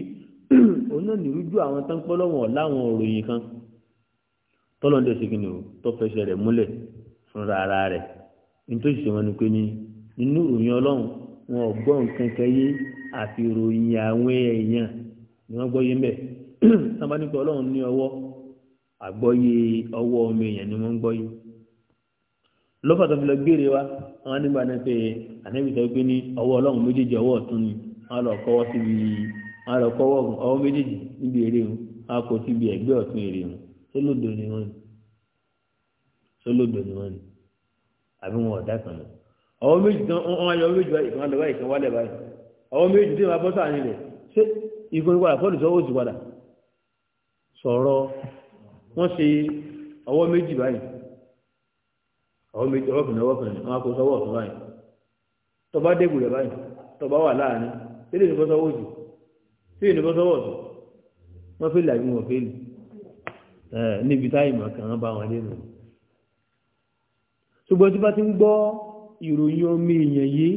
òun náà nìrújú àwọn tán pọ́ lọ́wọ́ láwọn òròyìn kan tọ́lọ́ndẹ̀ sí kìnìún tó fẹsẹ̀ rẹ̀ múlẹ̀ fúnra ara rẹ̀ nítorí ṣe wọn ni pé ní inú ìròyìn ọlọ́run wọn gbọ́ nǹkan kan àfi ìròyìn àwọn èèyàn ni wọ́n gbọ́ yé mbẹ́ sábà nípa ọlọ́run ní ọwọ́ àgbọ́yé ọwọ́ ọmọ ni wọ́n lọ́fà tó fi lọ gbére wa wọn nígbà náà pé ànábì sọ pé ní ọwọ́ ọlọ́run méjèèjì ọwọ́ ọ̀tún ni wọn lọ kọ́wọ́ síbi wọn lọ kọ́wọ́ ọwọ́ méjèèjì níbi èrè wọn wọn kò síbi ẹ̀gbẹ́ ọ̀tún èrè wọn sólódò ni wọn sólódò ni wọn àbí wọn ọ̀dà kan náà ọwọ́ méjì tán wọn ayọ̀ méjì báyìí kan lọ́wọ́ ìkan wálẹ̀ báyìí ọwọ́ méjì tí ọwọ́ méjì báyìí àwọn méjì ọwọ́ kìnìún ọwọ́ kìnìún wọn kò sọ́wọ́ ọ̀tún báyìí tọba dégù rẹ̀ báyìí tọba wà láàrin sílẹ̀ ní bọ́sọ́wọ́ òsì sílẹ̀ ní bọ́sọ́wọ́ ọ̀tún wọ́n fẹ́ làbí wọn fẹ́lì níbi táyì mọ̀ kàn bá wọn lẹ́nu. ṣùgbọ́n tí bá ti ń gbọ́ ìròyìn omi èèyàn yìí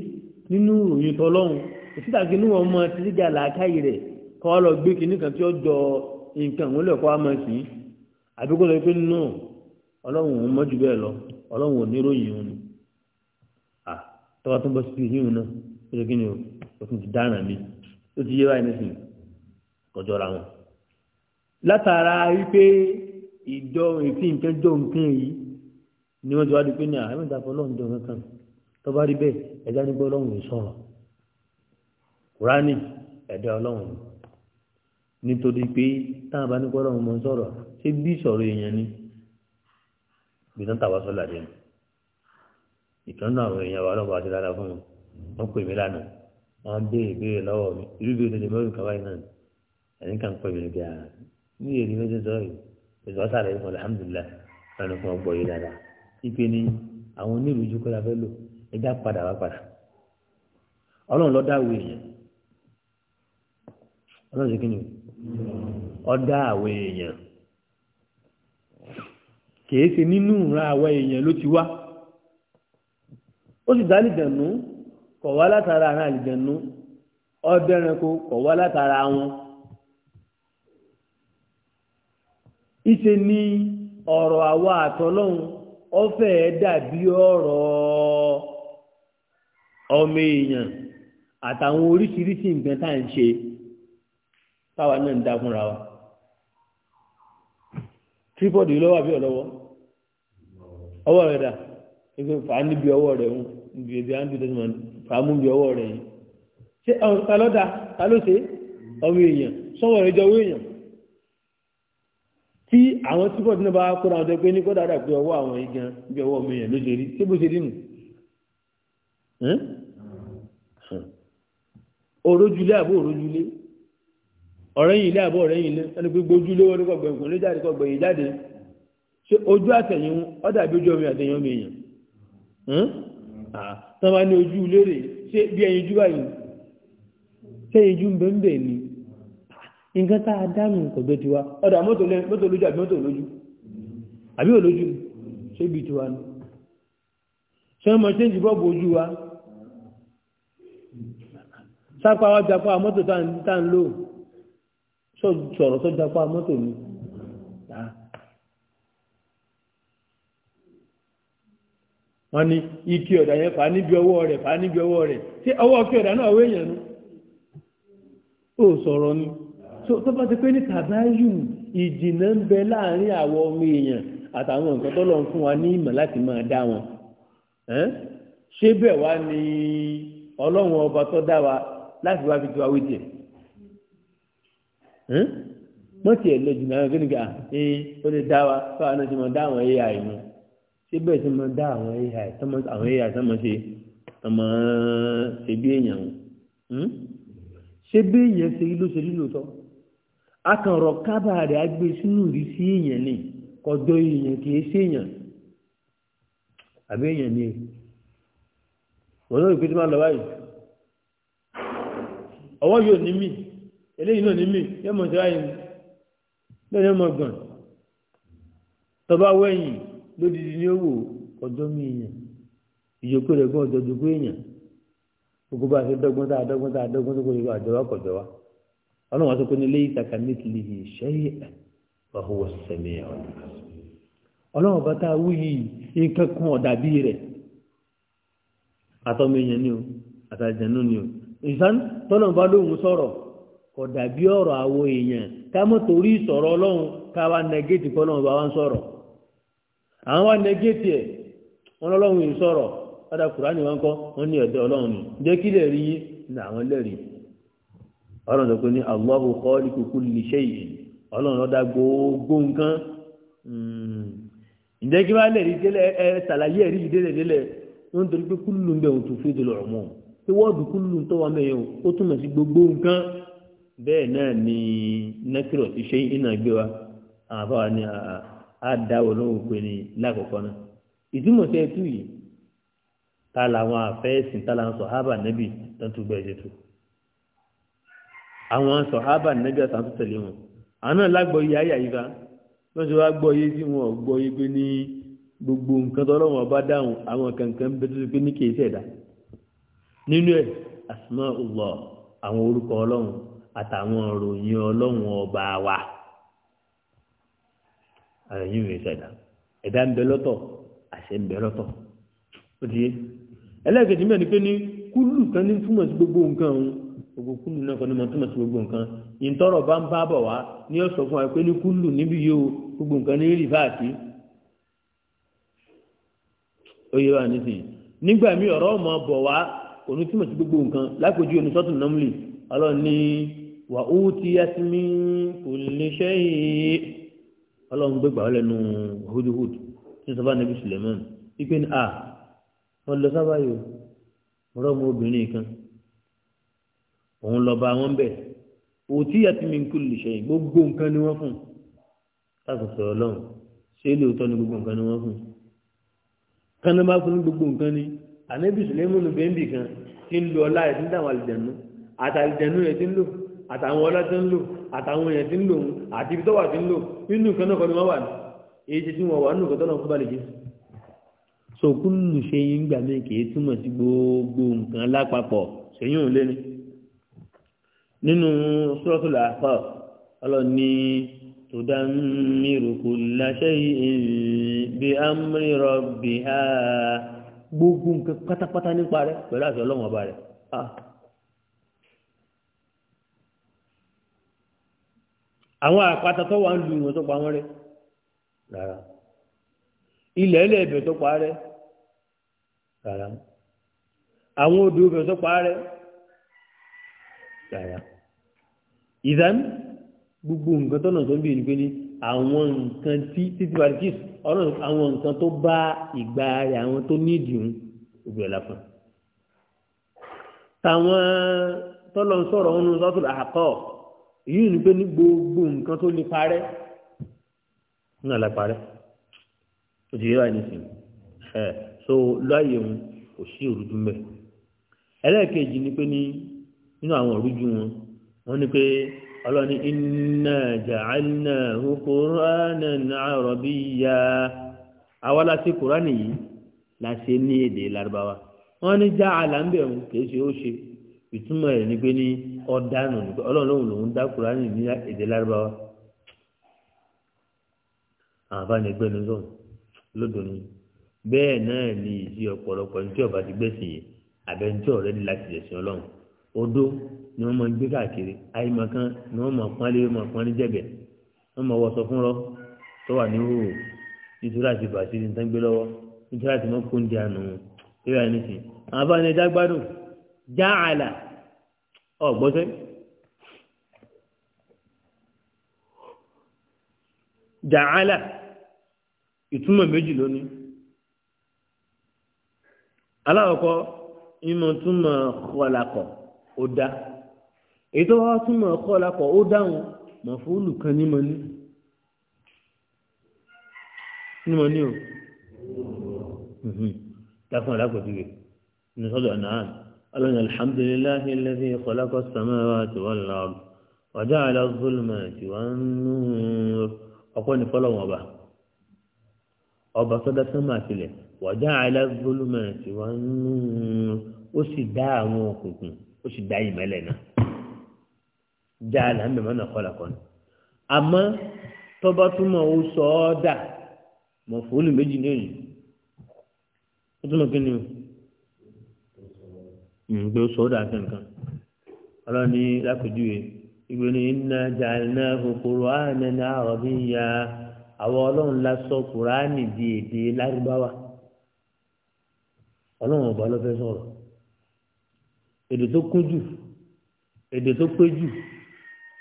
nínú ìròyìn tọlọ́hún òsítà kínú wọn mọ títíjà làákàyè rẹ̀ kọ́ ọ lọ gbé kinní kan tí ó jọ nǹkan òun lẹ̀kọ́ àmọ́ sí àbíkó lọ pé nù ọlọ́run òun mọ́jú bẹ́ẹ̀ lọ ọlọ́run ò níròyìn òun à tọ́wọ́ tó ń bọ́ sí ìhìn òun náà ó ṣe kí ni o tún ti dáná mi ó ti yé báyìí nísìnyí kọjọ́ ra wọn. látara wípé ìjọ ìfi nǹkan jọ nǹkan yìí ni wọ́n ti wá di pé ní àhámì ìdáfọ́ ọlọ́run jọ nǹkan tọ́ba rí bẹ́ẹ̀ ẹ̀dá nígbà ọlọ́run sọ̀rọ̀ kúránì ẹ̀dá ọlọ́run nítorí pé táwọn abánikọ́ ọlọ́run mọ sọ̀rọ̀ ṣé bí ìṣòro èèyàn ni bí tó ń tàwa sọ́là dé ìtọ́nà àwọn èèyàn wa lọ́wọ́ àti dára fún wọn wọ́n pè mí lánàá wọ́n béèrè ìbéèrè lọ́wọ́ mi irú bí òdòdó mẹ́rin kàwáyé náà ẹ̀yìn kan pè mí ní bíi àná ní èrè méjì sọ́ọ̀rì ìṣọ́ sàlẹ̀ ìfọ̀ alhamdulilah lọ́nà fún ọgbọ̀ yìí dáadáa ipe ni àwọn onírú ju kọ́ra fẹ́ lò ẹja padà wá padà ọlọ́run lọ́dá àwọn èèyàn ọlọ́run ṣe kí ni ọ̀dá àwọn èèyàn kìí ṣe nínú ìran àwa èèyàn ló ti wá ó sì dá àlìjẹ̀nú kọ̀ wá látara àrùn àlìjẹ̀nú ọ̀dẹ́ranko kọ̀ wá látara wọn. ìṣe ni ọ̀rọ̀ àwa àtọ́lọ́hún ọ̀fẹ́ dàbí ọ̀rọ̀ ọmọ èèyàn àtàwọn oríṣiríṣi nǹkan tá à ń ṣe táwa náà ń dá fúnra wa. trípọ̀dù lọ́wọ́ àbí ọ̀lọ́wọ́ ọwọ́ rẹ̀ dà ẹgbẹ́ fà á níbi ọwọ́ rẹ̀ ń níbi ẹbí àǹdí tó ti mọ̀ fà á mú bí ọwọ́ rẹ̀ yìí ṣé ta ló da ta ló ṣe ọmọ èèyàn sọ́wọ́ rẹ̀ jọ owó èèyàn tí àwọn tí bọ́ọ̀dù náà bá kóra àwọn tó pé ní kó dáadáa pé ọwọ́ àwọn yìí gan bí ọwọ́ ọmọ èèyàn ló ṣe rí ṣé bó ṣe rí nù òrojúlé àbó òrojúlé ọ̀rẹ́yìn ilé àbó ọ̀rẹ́yìn ilé ẹni pé gbójúlé wọn ní kọ̀gbẹ̀ǹkùn ṣe ojú àtẹ̀yìn ọ dàbí ojú omi àtẹ̀yìn omi èèyàn tán bá ní ojú lérè ṣé bí ẹyin ojú báyìí sẹ́yìn ojú ń bẹ́ ni nǹkan tá a dánù kọ̀dọ̀ tiwa ọ̀dà mọ́tò lójú àbí mọ́tò lójú àbí òlójú ṣé ibi tiwa ni ṣé ọmọ ṣé ń jù bọ́ọ̀bù ojú wa sápá wa japa mọ́tò tá ń lò sọ̀rọ̀ sọ́japa mọ́tò ni. wọ́n ní ike ọ̀dà yẹn fà á níbi ọwọ́ rẹ̀ fà á níbi ọwọ́ rẹ̀ tí ọwọ́ ike ọ̀dà náà wé yẹn nu ó sọ̀rọ̀ ni tó bá ti pé ní tàbáyù ìjìnà ń bẹ láàrin àwọn ọmọ èèyàn àtàwọn nǹkan tó lọ fún wa ní ìmọ̀ láti máa dá wọn ṣé bẹ́ẹ̀ wá ni ọlọ́run ọba tó dá wa láti wá fi tu awé tiẹ̀ mọ́tì ẹ̀ lọ jìnnà kí ni ká ẹ ó lè dá wa fáwọn náà ti máa dá àwọn ai mọ́. síbẹ̀ tí ma dá àwọn ai àwọn ai tọmọ ṣe tọmọ ṣe bí èèyàn o hmm? ṣé bí èèyàn ṣe ló ṣe rí lóòótọ́ akànrọ̀ kábà rẹ̀ á sínú rí sí èèyàn ni èèyàn kì í àbí èèyàn ni wọ́n lọ báyìí ọwọ́ yóò ní mí eléyìí náà ní ọmọ lódìdí ní owó ọjọ́ mi èèyàn ìyókù rẹ̀ gbọ́n ọjọ́ dùkú èèyàn gbogbo bá a ṣe dọ́gbọ́n tá a dọ́gbọ́n tá a dọ́gbọ́n tó kó lè ọlọ́run yìí ọ̀hún ọlọ́run bá tá a nǹkan ọ̀dà rẹ̀ èèyàn ni o ni o ìsán tọ́nà bá lóhùn sọ̀rọ̀ kọ̀dà ọ̀rọ̀ àwọ èèyàn ká mọ́ torí ìsọ̀rọ̀ ọlọ́run ká wá àwọn wa nẹgẹ́tì ẹ̀ wọn lọ́lọ́run yìí sọ̀rọ̀ padà kùránì wọn kọ́ wọn ní ẹ̀dọ́ ọlọ́run ni jẹ́ kí lè rí yín ní àwọn lẹ́rìí ọlọ́run tó pé ní allahu kọ́ọ́lì kúkú lè ṣe yìí ọlọ́run lọ́dá gbogbo nǹkan hmm. ǹjẹ́ kí wọ́n á lẹ́rìí délẹ̀ ẹ ṣàlàyé ẹ̀rí yìí délẹ̀ délẹ̀ wọ́n torí pé kúlù ń bẹ̀ wọ́n tó fi délẹ̀ ọ̀mọ́ pé wọ́ọ̀dù kúlù ń tọ́wọ́ mẹ́yẹn ó túmọ̀ sí gbogbo nǹkan bẹ́ẹ̀ náà ni nẹ́kírọ̀ ti ṣe iná gbé wa àbáwá ni àà á dá olóhùn pé ní lákòókò náà ìtumọ̀ sí ẹtú yìí ta làwọn àfẹ́sìn ta làwọn sọ̀hábà nẹ́bì tó tún bẹ́ẹ̀ ṣètò àwọn sọ̀hábà nẹ́bì àtàwọn tó tẹ̀lé wọn àwọn náà lágbọ́ yìí ayé àyíká wọ́n ti wá gbọ́ yé tí wọn ò gbọ́ yé pé ní gbogbo nǹkan tó lọ́wọ́ bá dáhùn àwọn kankan bẹ́ẹ̀ tó ti pé ní kì í nínú ẹ̀ àsùnmọ́ ọ̀lọ́ àwọn orúkọ ọlọ́run àtàwọn òròyìn ọlọ́run ọba wa àyìn rẹ̀ sẹ̀dá ẹ̀dá ń bẹ lọ́tọ̀ àṣẹ ń bẹ lọ́tọ̀ ó ti yé ẹlẹ́ẹ̀kejì mẹ́rin pé ní kúlù kan ní túmọ̀ sí gbogbo nǹkan òun gbogbo kúlù náà kan ní mo túmọ̀ sí gbogbo nǹkan ìtọ́rọ̀ bá ń bá bọ̀ wá ní ọ̀sọ̀ fún wa pé ní kúlù níbi yóò gbogbo nǹkan ní rìfà àti oyè wa nísìnyí nígbà míì ọ̀rọ̀ ọmọ bọ̀ wá òun túmọ̀ sí gbogbo nǹkan lápòjú onísọ́tún nọ́mùlì ọlọ́ọ̀ni wà ó ti yá sí mi kò lè ṣẹ́yìn ọlọ́run gbégbà ọlẹ́nu hudhud tí sọ́fà níbi suleman ipe ni a wọ́n lọ sábà yìí o rọ́ọ̀mù obìnrin kan òun lọ bá wọn bẹ̀ òtí àti mìkú lè ṣe gbogbo nǹkan ni wọ́n fún láti sọ̀rọ̀ ọlọ́run ṣé lóòótọ́ ni gbogbo nǹkan ni wọ́n fún kánú bá fún gbogbo nǹkan ni ànábì suleman bẹ́ńbì kan ti ń lo ọlá rẹ̀ tí ń dàwọn àlìjẹ̀nu àtàlìjẹ̀nu rẹ̀ ti ń lò àtàwọn ọlá ti ń lò àtàwọn èèyàn ti ń lò wọn àti ibi tó wà ti ń lò nínú nǹkan náà kọ́ ni wọ́n wà ní èyí tí wọ́n wà nínú nǹkan náà fún balẹ̀ jésù. so kúlù ṣe yín gbà mí kì í túmọ̀ sí gbogbo nǹkan lápapọ̀ ṣèyún òun léni. nínú sọ́tòlù àfọ̀ ọlọ́ni tùdámírùkù láṣẹ bí amúrírọ̀ bí ha gbogbo nǹkan pátápátá nípa rẹ̀ pẹ̀lú àṣọ ọlọ́wọ́n ọba rẹ̀ ah, àwọn àpáta tó wà ń lu ìwọ̀n tó pa wọ́n rẹ́ rárá ilẹ̀ ilẹ̀ ibẹ̀ tó pa rẹ́ rárá àwọn odò ibẹ̀ tó pa rẹ́ rárá ìdán gbogbo nǹkan tọ́nà tó ń bí ẹni pé ní àwọn nǹkan tí títí barikis ọ̀rọ̀ àwọn nǹkan tó bá ìgbà rẹ̀ àwọn tó nídìí ń gbogbo ẹ̀ lápá táwọn tọ́lọ̀ ń sọ̀rọ̀ ọ̀nù sọ́tò àkọ́ọ̀ èyí ni pé ní gbogbo nǹkan tó lè parẹ́ náà la parẹ́ òjì yìí láì nísìnyí ẹ so láàyè òun kò sí òrùjú mẹ ẹlẹ́ẹ̀kejì ni pé ní nínú àwọn òrùjú wọn wọn ni pé ọlọ́ni iná jàánà kúránà àròbí ya àwa la ṣe kúránì yìí la ṣe ní èdè larubawa wọn ni já àlà ń bẹ̀ wọn kì í ṣe ó ṣe ìtumọ̀ rẹ̀ ni pé ní ọ̀dánù nìkan ọlọ́run lòun lòun dá kúránì ní èdè lárúbáwá àbánigbé ni sọ̀rọ̀ lódò ni bẹ́ẹ̀ náà ni ìsí ọ̀pọ̀lọpọ̀ ní tí ọba ti gbẹ̀sìn yìí àbẹ̀ ní tí ọ̀rẹ́ ni láti ẹ̀sìn ọlọ́run odó ni wọ́n máa ń gbé káàkiri àyìnbọn kan ni wọ́n máa pọ́n lé wọ́n máa pọ́n ní jẹ̀bẹ̀ wọ́n máa wọṣọ fúnrọ́ tó wà ní hòhò nítorí àti bàtí ní tán gbé lọ́wọ́ nítorí àti mọ́kóńdé àná wọn. ìrìn àníṣe àbánidágbádùn ọ̀gbọ́sẹ́ jàálà ìtumọ̀ méjì lónìí aláwọ̀kọ́ ìmọ̀túnmọ̀ kọlakọ̀ ó dá èyí tó wá túnmọ̀ kọlakọ̀ ó dáhùn mọ̀fúlù kan ní mọ̀ní ní mọ̀ní o dáfún alákòjú rẹ̀ ní sọ́dọ̀ náà ألن الحمد لله الذي خلق السماوات والأرض وجعل الظلمات والنور أقول فلو أبا أبا صدى سماك له وجعل الظلمات والنور أسدى أشد أسدى لنا جعل هم من خلقنا أما تبطم أسودى مفعول مجنين أتمنى كنين gbé mm, sọ́dà kankan ọlọ́ni lápèjúwe ìgbé ní iná jàǹdà kòkòrò ànánà ọ̀bí ya àwọn ọlọ́run la sọ kùránì di èdè lárúbáwá ọlọ́run ọba ló fẹ́ sọ̀rọ̀ èdè tó kún jù èdè tó pé jù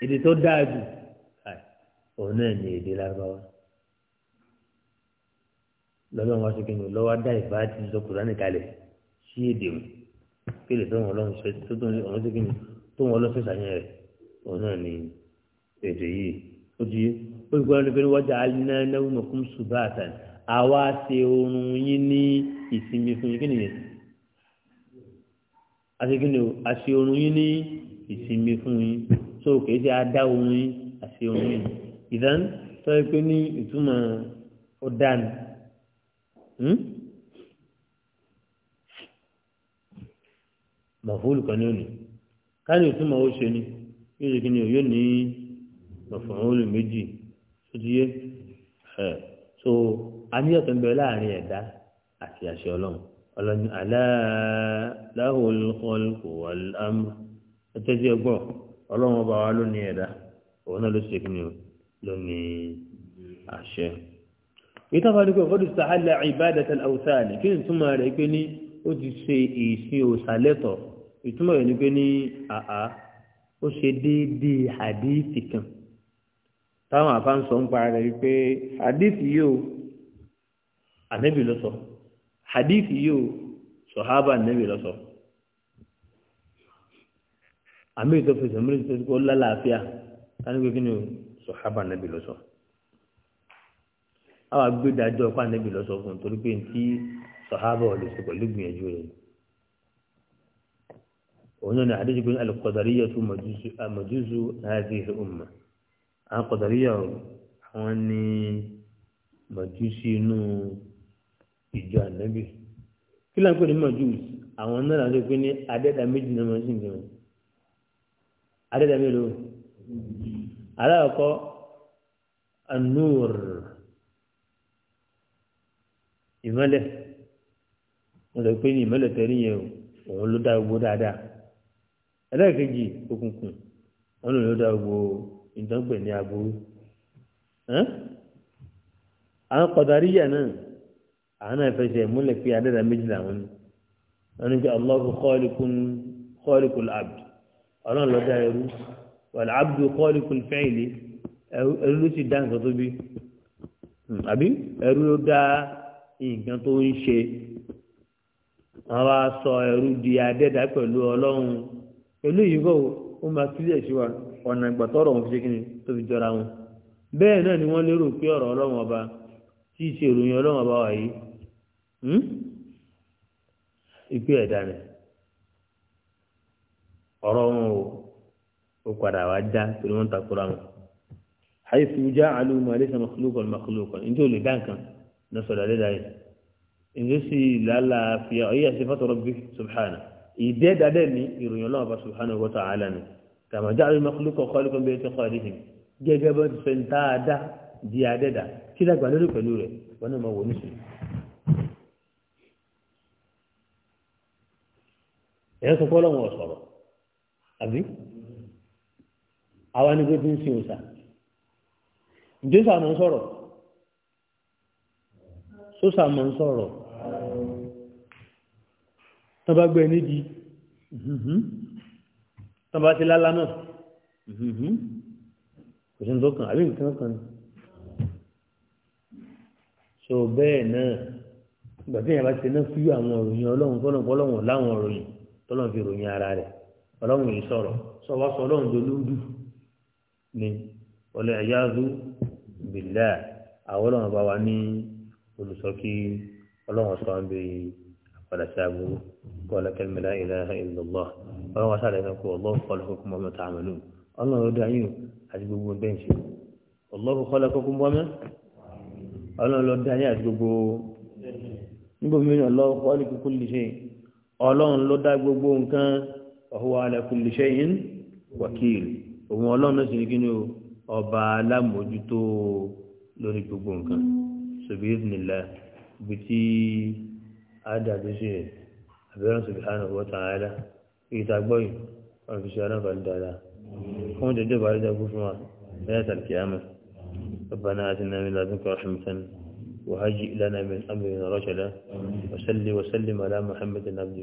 èdè tó dáa jù òun náà ní èdè lárúbáwá lọ́lọ́run wá sí kí ni lọ́wọ́ dá ìbáàtì sọ kùránì kalẹ̀ sí èdè wọn kí lè tóun ọlọ́run ṣe tó tóun ọ̀run ṣe kí ni tóun ọlọ́run ṣe ṣàyẹn rẹ̀ òun náà ni èdè yìí ó di ó ti gbọ́dọ̀ nípa wájà alínánáwó mọ̀kún ṣùgbọ́n àtàn àwa ṣe oorun yín ní ìsinmi fún yín kí nìyẹn àti kí ni o àṣe oorun yín ní ìsinmi fún yín tó kèé ṣe adá oorun yín àṣe oorun yín ìdán tó yẹ pé ní ìtumọ̀ ọ̀dàn. mọ̀fúlù kan ní òní káyọ̀ ìtumọ̀ ó ṣe ni yóò ṣe kí ni yóò ní mọ̀fúlù méjì sójúyé ẹ̀ so àníyàn tó ń bẹ láàrin ẹ̀dá àti àṣẹ ọlọ́run ọlọ́run aláàláhùn olùkọ́lùkù wàlámù ẹ̀tẹ́sí ẹgbọ́n ọlọ́run ọba wa ló ní ẹ̀dá òun náà ló ṣe kí ni ló ní àṣẹ. ìtàn fàdúgbò fọdù sàhálà ìbádàtà àwùsáàlì kí ni túmọ̀ rẹ̀ pé ní ó ti ṣe ìsìn òsàlẹ̀tọ̀ ìtumọ̀ rẹ̀ ni pé ní àá ó ṣe déédéé àdéhìtì kan táwọn àfa ń sọ ń para rẹ̀ wípé àdéhìtì yóò ànẹ́bì lọ sọ àdéhìtì yóò sọ̀hábà ànẹ́bì lọ sọ àmì ìtọ́fẹsẹ̀ mìíràn tó ti kọ́ lálàáfíà táwọn ìgbé kí ni sọ̀hábà ànẹ́bì lọ àwọn agbẹ́dájọ́ ọ̀pá ànẹ́bì lọ fún un torí pé ní tí sọ̀hábà ò lè ṣe pẹ̀lú ìgbìyànjú rẹ̀ yìí. وهنا حديث يقول القدرية مجوز هذه الأمة القدرية حواني مجوسي نو ìjọ ànábì kí ló ń pè ní majus àwọn náà làwọn tó pé ní adẹ́ta méjì náà máa ń sìn jẹun adẹ́ta mélòó aláàkọ́ anúr ìmọ̀lẹ̀ wọn lọ pé ní ìmọ̀lẹ̀ tẹ̀lé yẹn òun ló dá gbogbo dáadáa ẹlẹ́ẹ̀kejì òkùnkùn wọn lòun ló dá gbogbo ìdánpẹ̀ ní aburú àwọn kọ̀dáríyà náà àwọn náà fẹsẹ̀ múlẹ̀ pé adẹ́dà méjì làwọn ni wọn ní pé allahu kọ́ọ̀lùkùn abd ọlọ́run ló dá ẹrú wàlẹ̀ abd kọ́ọ̀lùkùn fẹ́ẹ̀lì ẹrú ló sì dá nǹkan tó bí hmm, àbí ẹrú ló dá nǹkan tó ń ṣe wọn wá sọ ẹrú di adẹ́dà pẹ̀lú ọlọ́run eléyìí bọ̀ ó máa kílẹ̀ sí wa ọ̀nà ìgbà tọrọ òun fi ṣe kí ni tó fi jọra wọn bẹ́ẹ̀ náà ni wọ́n lérò pé ọ̀rọ̀ ọlọ́run ọba tí í ṣe ìròyìn ọlọ́run ọba wà yìí hmm? ìpè ẹ̀dá rẹ̀ ọ̀rọ̀ wọn o ó padà wá já torí wọ́n takura wọn àyèsí ìjà àlùmọ̀ àlẹ́sẹ̀ mọ̀kúlùkọ̀ mọ̀kúlùkọ̀ njẹ́ ò lè dá nǹkan lọ́sọ̀dọ̀ àlẹ́dá yìí njẹ́ sì lálàáfíà ọ̀yẹ́ àti fọ́tọ̀rọ̀ bí subhanahu ìdẹ́dàdẹ́ ní ìròyìn ọlọ́run bá subhanahu wa ta'ala ni tàmájá àwọn ìmọ̀kúlùkọ̀ kọ́lùkọ́ bí ó ti kọ́ ìdíhìn gẹ́gẹ́ bó ti fẹ́ ń dáadáa di adẹ́dà kí lágbà lórí pẹ̀lú rẹ̀ wọn náà máa wò ní sùn. ẹ̀yẹ́ sọ fọ́lọ́ wọn sọ̀rọ̀ àbí àwa ni gbẹ́bí ń sin òòsà ǹjẹ́ sàmọ́ ń sọ̀rọ̀ sọ́sàmọ́ ń sọ̀rọ̀ tán bá gbẹ níbi mm-hmm. tán bá ti lálá náà mm-hmm. kò sí nǹkan kan àbí nǹkan kan ni so bẹ́ẹ̀ náà ìgbà tí èèyàn bá ti náà fíyú àwọn òròyìn ọlọ́run fọ́nà fọ́lọ́run láwọn òròyìn tọ́lọ́run fi ròyìn ara rẹ̀ ọlọ́run yìí sọ̀rọ̀ sọ wá sọ ọlọ́run dolóòdù ni ọlọ́ ẹ̀yáàzú bìlá àwọn ọlọ́run bá wa ní olùsọ́kí ọlọ́run sọ̀rọ̀ ń ولا سابوا ولا كلمة لا إله إلا الله ولا وسائل إنكم والله خلقكم وما تعملون الله يدعيه àti gbogbo bẹ́ẹ̀ ṣe ọlọ́run kọ́lá kókó bọ́mẹ́ ọlọ́run lọ dá yé àti gbogbo níbo mìíràn ọlọ́run kọ́lá kókó lè ṣe ọlọ́run ló dá gbogbo nǹkan ọ̀hún alẹ́kùn lè ṣe yín wákìlì òun ọlọ́run náà sì ní kíni o ọba alámòójútó lórí gbogbo nǹkan àádàdé sí rẹ̀ àbẹ̀rẹ̀ sùbìhánà owó tàn áyá ìtagbọ́ yìí ọ̀rọ̀ fi ṣe aláǹfààní dáadáa fún dédé bá dídá kú fún wa lẹ́yìn tàbí àmà ربنا آتنا من لدنك رحمة وهجئ لنا من أمرنا رشدا وسلم وسلم على محمد عبدك